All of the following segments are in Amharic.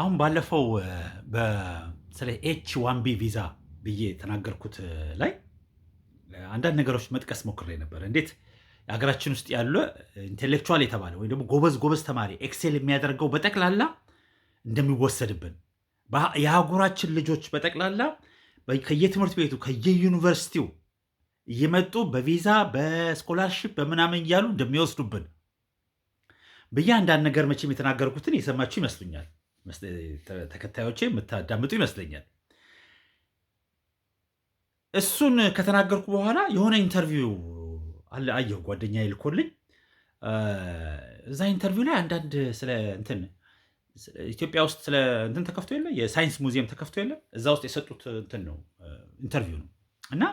አሁን ባለፈው ስለ ኤች ዋን ቢ ቪዛ ብዬ የተናገርኩት ላይ አንዳንድ ነገሮች መጥቀስ ሞክሬ ነበር። እንዴት ሀገራችን ውስጥ ያለ ኢንቴሌክቹዋል የተባለ ወይም ደግሞ ጎበዝ ጎበዝ ተማሪ ኤክሴል የሚያደርገው በጠቅላላ እንደሚወሰድብን የአህጉራችን ልጆች በጠቅላላ ከየትምህርት ቤቱ ከየዩኒቨርሲቲው እየመጡ በቪዛ በስኮላርሽፕ በምናምን እያሉ እንደሚወስዱብን ብዬ አንዳንድ ነገር መቼም የተናገርኩትን የሰማችሁ ይመስሉኛል። ተከታዮቼ የምታዳምጡ ይመስለኛል። እሱን ከተናገርኩ በኋላ የሆነ ኢንተርቪው አለ አየሁ፣ ጓደኛ ይልኮልኝ። እዛ ኢንተርቪው ላይ አንዳንድ ስለ እንትን ኢትዮጵያ ውስጥ ስለ እንትን ተከፍቶ የለ የሳይንስ ሙዚየም ተከፍቶ የለ እዛ ውስጥ የሰጡት እንትን ነው ኢንተርቪው ነው እና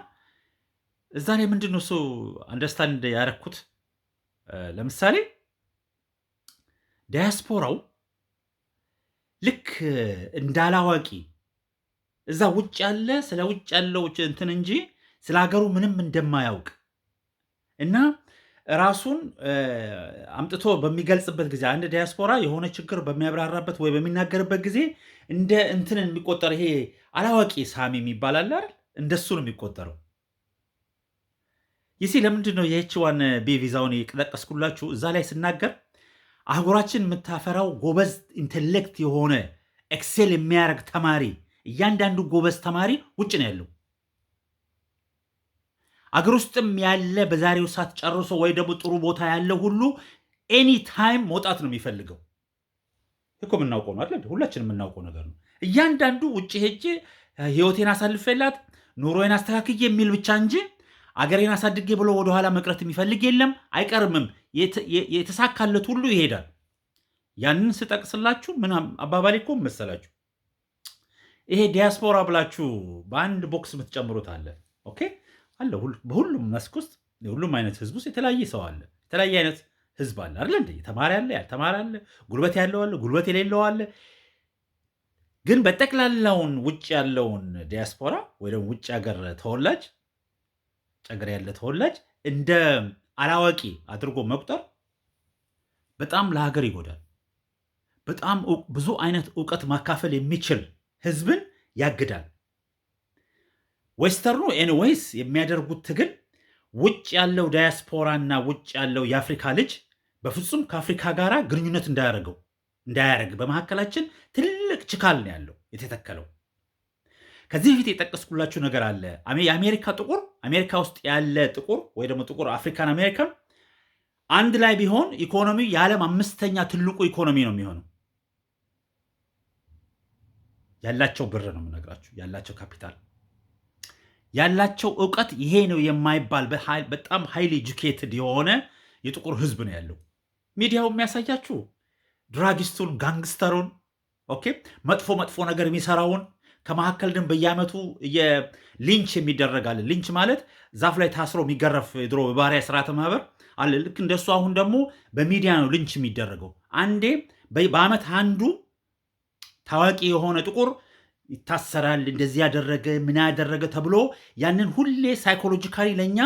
እዛ ላይ ምንድን ነው እሱ አንደርስታንድ ያረኩት ለምሳሌ ዳያስፖራው ልክ እንዳላዋቂ እዛ ውጭ ያለ ስለ ውጭ ያለው እንትን እንጂ ስለ ሀገሩ ምንም እንደማያውቅ እና ራሱን አምጥቶ በሚገልጽበት ጊዜ አንድ ዲያስፖራ የሆነ ችግር በሚያብራራበት ወይ በሚናገርበት ጊዜ እንደ እንትን የሚቆጠር ይሄ አላዋቂ ሳሚ የሚባል አለ አይደል? እንደሱ ነው የሚቆጠረው። ይሲ ለምንድን ነው የኤች ዋን ቢ ቪዛውን እዛ ላይ ስናገር አህጉራችን የምታፈራው ጎበዝ ኢንቴሌክት የሆነ ኤክሴል የሚያደርግ ተማሪ እያንዳንዱ ጎበዝ ተማሪ ውጭ ነው ያለው። አገር ውስጥም ያለ በዛሬው ሰዓት ጨርሶ ወይ ደግሞ ጥሩ ቦታ ያለ ሁሉ ኤኒ ታይም መውጣት ነው የሚፈልገው። እኮ የምናውቀው ነው አይደል? ሁላችን የምናውቀው ነገር ነው። እያንዳንዱ ውጭ ሄጄ ህይወቴን አሳልፌላት ኑሮዬን አስተካክዬ የሚል ብቻ እንጂ አገሬን አሳድጌ ብሎ ወደኋላ መቅረት የሚፈልግ የለም፣ አይቀርምም። የተሳካለት ሁሉ ይሄዳል። ያንን ስጠቅስላችሁ ምናም አባባሌ እኮ መሰላችሁ ይሄ ዲያስፖራ ብላችሁ በአንድ ቦክስ የምትጨምሩት አለ። ኦኬ አለ። በሁሉም መስክ ውስጥ የሁሉም አይነት ህዝብ ውስጥ የተለያየ ሰው አለ፣ የተለያየ አይነት ህዝብ አለ አይደል እንዴ? ተማሪ አለ፣ ያልተማረ አለ፣ ጉልበት ያለው አለ፣ ጉልበት የሌለው አለ። ግን በጠቅላላውን ውጭ ያለውን ዲያስፖራ ወይ ደግሞ ውጭ ሀገር ተወላጅ ጨገር ያለ ተወላጅ እንደ አላዋቂ አድርጎ መቁጠር በጣም ለሀገር ይጎዳል። በጣም ብዙ አይነት እውቀት ማካፈል የሚችል ህዝብን ያግዳል። ዌስተርኑ ኤንዌይስ የሚያደርጉት ትግል ውጭ ያለው ዳያስፖራና ውጭ ያለው የአፍሪካ ልጅ በፍጹም ከአፍሪካ ጋር ግንኙነት እንዳያደርገው እንዳያደርግ በመካከላችን ትልቅ ችካል ነው ያለው የተተከለው። ከዚህ በፊት የጠቀስኩላችሁ ነገር አለ። የአሜሪካ ጥቁር አሜሪካ ውስጥ ያለ ጥቁር ወይ ደግሞ ጥቁር አፍሪካን አሜሪካን አንድ ላይ ቢሆን ኢኮኖሚው የዓለም አምስተኛ ትልቁ ኢኮኖሚ ነው የሚሆነው። ያላቸው ብር ነው የምነግራችሁ፣ ያላቸው ካፒታል፣ ያላቸው እውቀት ይሄ ነው የማይባል በጣም ሃይሊ ኤጁኬትድ የሆነ የጥቁር ህዝብ ነው ያለው። ሚዲያው የሚያሳያችሁ ድራጊስቱን፣ ጋንግስተሩን፣ ኦኬ መጥፎ መጥፎ ነገር የሚሰራውን ከመካከል ግን በየዓመቱ ሊንች የሚደረጋል። ሊንች ማለት ዛፍ ላይ ታስሮ የሚገረፍ ድሮ በባሪያ ስርዓተ ማህበር አለ። ልክ እንደሱ አሁን ደግሞ በሚዲያ ነው ሊንች የሚደረገው። አንዴ በዓመት አንዱ ታዋቂ የሆነ ጥቁር ይታሰራል። እንደዚህ ያደረገ ምን ያደረገ ተብሎ ያንን ሁሌ ሳይኮሎጂካሊ ለእኛ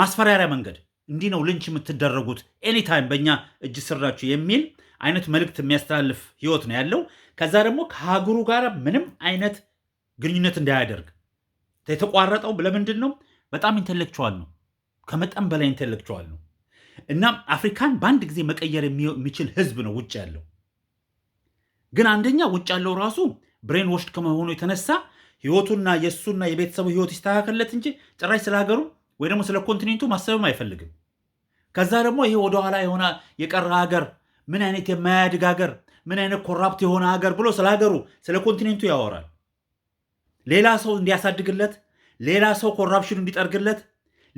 ማስፈራሪያ መንገድ እንዲህ ነው ልንች የምትደረጉት ኤኒታይም በእኛ እጅ ስራችሁ የሚል አይነት መልእክት የሚያስተላልፍ ህይወት ነው ያለው። ከዛ ደግሞ ከሀገሩ ጋር ምንም አይነት ግንኙነት እንዳያደርግ የተቋረጠው ለምንድን ነው? በጣም ኢንቴሌክቹዋል ነው፣ ከመጠን በላይ ኢንቴሌክቹዋል ነው። እናም አፍሪካን በአንድ ጊዜ መቀየር የሚችል ህዝብ ነው ውጭ ያለው። ግን አንደኛ ውጭ ያለው ራሱ ብሬን ወሽድ ከመሆኑ የተነሳ ህይወቱና የእሱና የቤተሰቡ ህይወት ይስተካከልለት እንጂ ጭራሽ ስለ ሀገሩ ወይ ደግሞ ስለ ኮንቲኔንቱ ማሰብም አይፈልግም። ከዛ ደግሞ ይሄ ወደኋላ የሆነ የቀረ ሀገር ምን አይነት የማያድግ ሀገር፣ ምን አይነት ኮራፕት የሆነ ሀገር ብሎ ስለ ሀገሩ ስለ ኮንቲኔንቱ ያወራል። ሌላ ሰው እንዲያሳድግለት፣ ሌላ ሰው ኮራፕሽኑ እንዲጠርግለት፣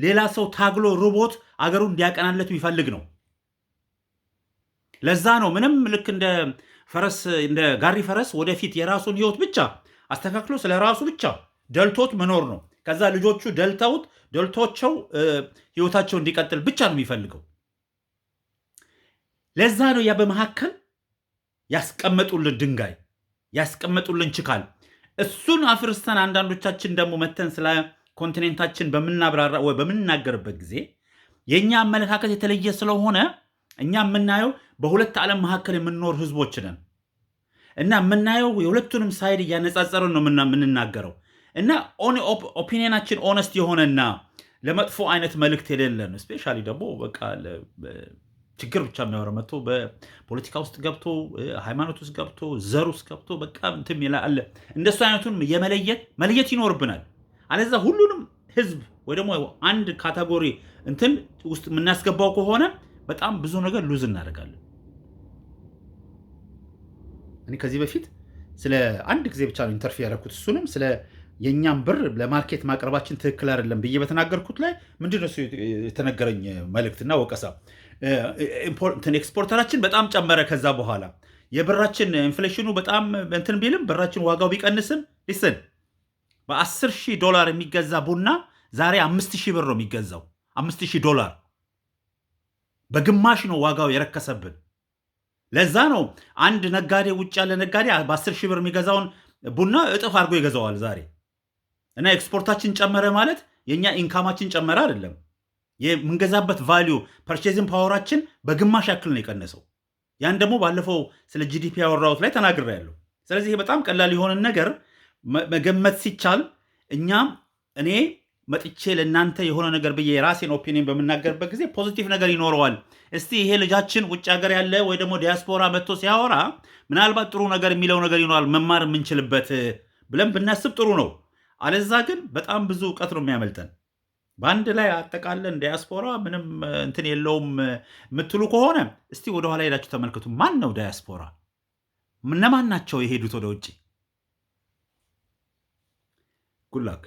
ሌላ ሰው ታግሎ ርቦት አገሩን እንዲያቀናለት የሚፈልግ ነው። ለዛ ነው ምንም ልክ እንደ ፈረስ እንደ ጋሪ ፈረስ ወደፊት የራሱን ህይወት ብቻ አስተካክሎ ስለ ራሱ ብቻ ደልቶት መኖር ነው። ከዛ ልጆቹ ደልተውት ደልቶቸው ህይወታቸው እንዲቀጥል ብቻ ነው የሚፈልገው። ለዛ ነው ያ በመካከል ያስቀመጡልን ድንጋይ ያስቀመጡልን ችካል እሱን አፍርሰን አንዳንዶቻችን ደግሞ መተን ስለ ኮንቲኔንታችን በምናብራራ ወይ በምንናገርበት ጊዜ የእኛ አመለካከት የተለየ ስለሆነ እኛ የምናየው በሁለት ዓለም መካከል የምንኖር ህዝቦች ነን እና የምናየው የሁለቱንም ሳይድ እያነጻጸርን ነው የምንናገረው እና ኦፒኒየናችን ኦነስት የሆነና ለመጥፎ አይነት መልእክት የሌለን ስፔሻሊ ደግሞ በቃ ችግር ብቻ የሚያወራ መጥቶ በፖለቲካ ውስጥ ገብቶ ሃይማኖት ውስጥ ገብቶ ዘር ውስጥ ገብቶ በቃ እንትም ይላል። እንደሱ አይነቱን የመለየት መለየት ይኖርብናል። አለዛ ሁሉንም ህዝብ ወይ ደግሞ አንድ ካታጎሪ እንትን ውስጥ የምናስገባው ከሆነ በጣም ብዙ ነገር ሉዝ እናደርጋለን። እኔ ከዚህ በፊት ስለ አንድ ጊዜ ብቻ ነው ኢንተርፌ ያደረኩት። እሱንም ስለ የእኛም ብር ለማርኬት ማቅረባችን ትክክል አይደለም ብዬ በተናገርኩት ላይ ምንድን የተነገረኝ መልእክትና ወቀሳ ኤክስፖርተራችን በጣም ጨመረ። ከዛ በኋላ የብራችን ኢንፍሌሽኑ በጣም እንትን ቢልም ብራችን ዋጋው ቢቀንስም ሊስን በ10 ሺህ ዶላር የሚገዛ ቡና ዛሬ አምስት ሺህ ብር ነው የሚገዛው። 5 ሺህ ዶላር በግማሽ ነው ዋጋው የረከሰብን። ለዛ ነው አንድ ነጋዴ ውጭ ያለ ነጋዴ በ10 ሺህ ብር የሚገዛውን ቡና እጥፍ አድርጎ ይገዛዋል ዛሬ። እና ኤክስፖርታችን ጨመረ ማለት የእኛ ኢንካማችን ጨመረ አይደለም። የምንገዛበት ቫሊዩ ፐርቼዝን ፓወራችን በግማሽ ያክል ነው የቀነሰው። ያን ደግሞ ባለፈው ስለ ጂዲፒ ያወራሁት ላይ ያለው። ስለዚህ ይሄ በጣም ቀላል የሆነን ነገር መገመት ሲቻል እኛም እኔ መጥቼ ለእናንተ የሆነ ነገር ብዬ የራሴን ኦፒኒን በምናገርበት ጊዜ ፖዚቲቭ ነገር ይኖረዋል። እስቲ ይሄ ልጃችን ውጭ ሀገር ያለ ወይ ደግሞ ዲያስፖራ መጥቶ ሲያወራ ምናልባት ጥሩ ነገር የሚለው ነገር ይኖራል መማር የምንችልበት ብለን ብናስብ ጥሩ ነው። አለዛ ግን በጣም ብዙ እውቀት ነው የሚያመልጠን። በአንድ ላይ አጠቃለን ዳያስፖራ ምንም እንትን የለውም የምትሉ ከሆነ እስቲ ወደኋላ ሄዳችሁ ተመልከቱ። ማን ነው ዳያስፖራ? እነማን ናቸው የሄዱት ወደ ውጭ? ጉላክ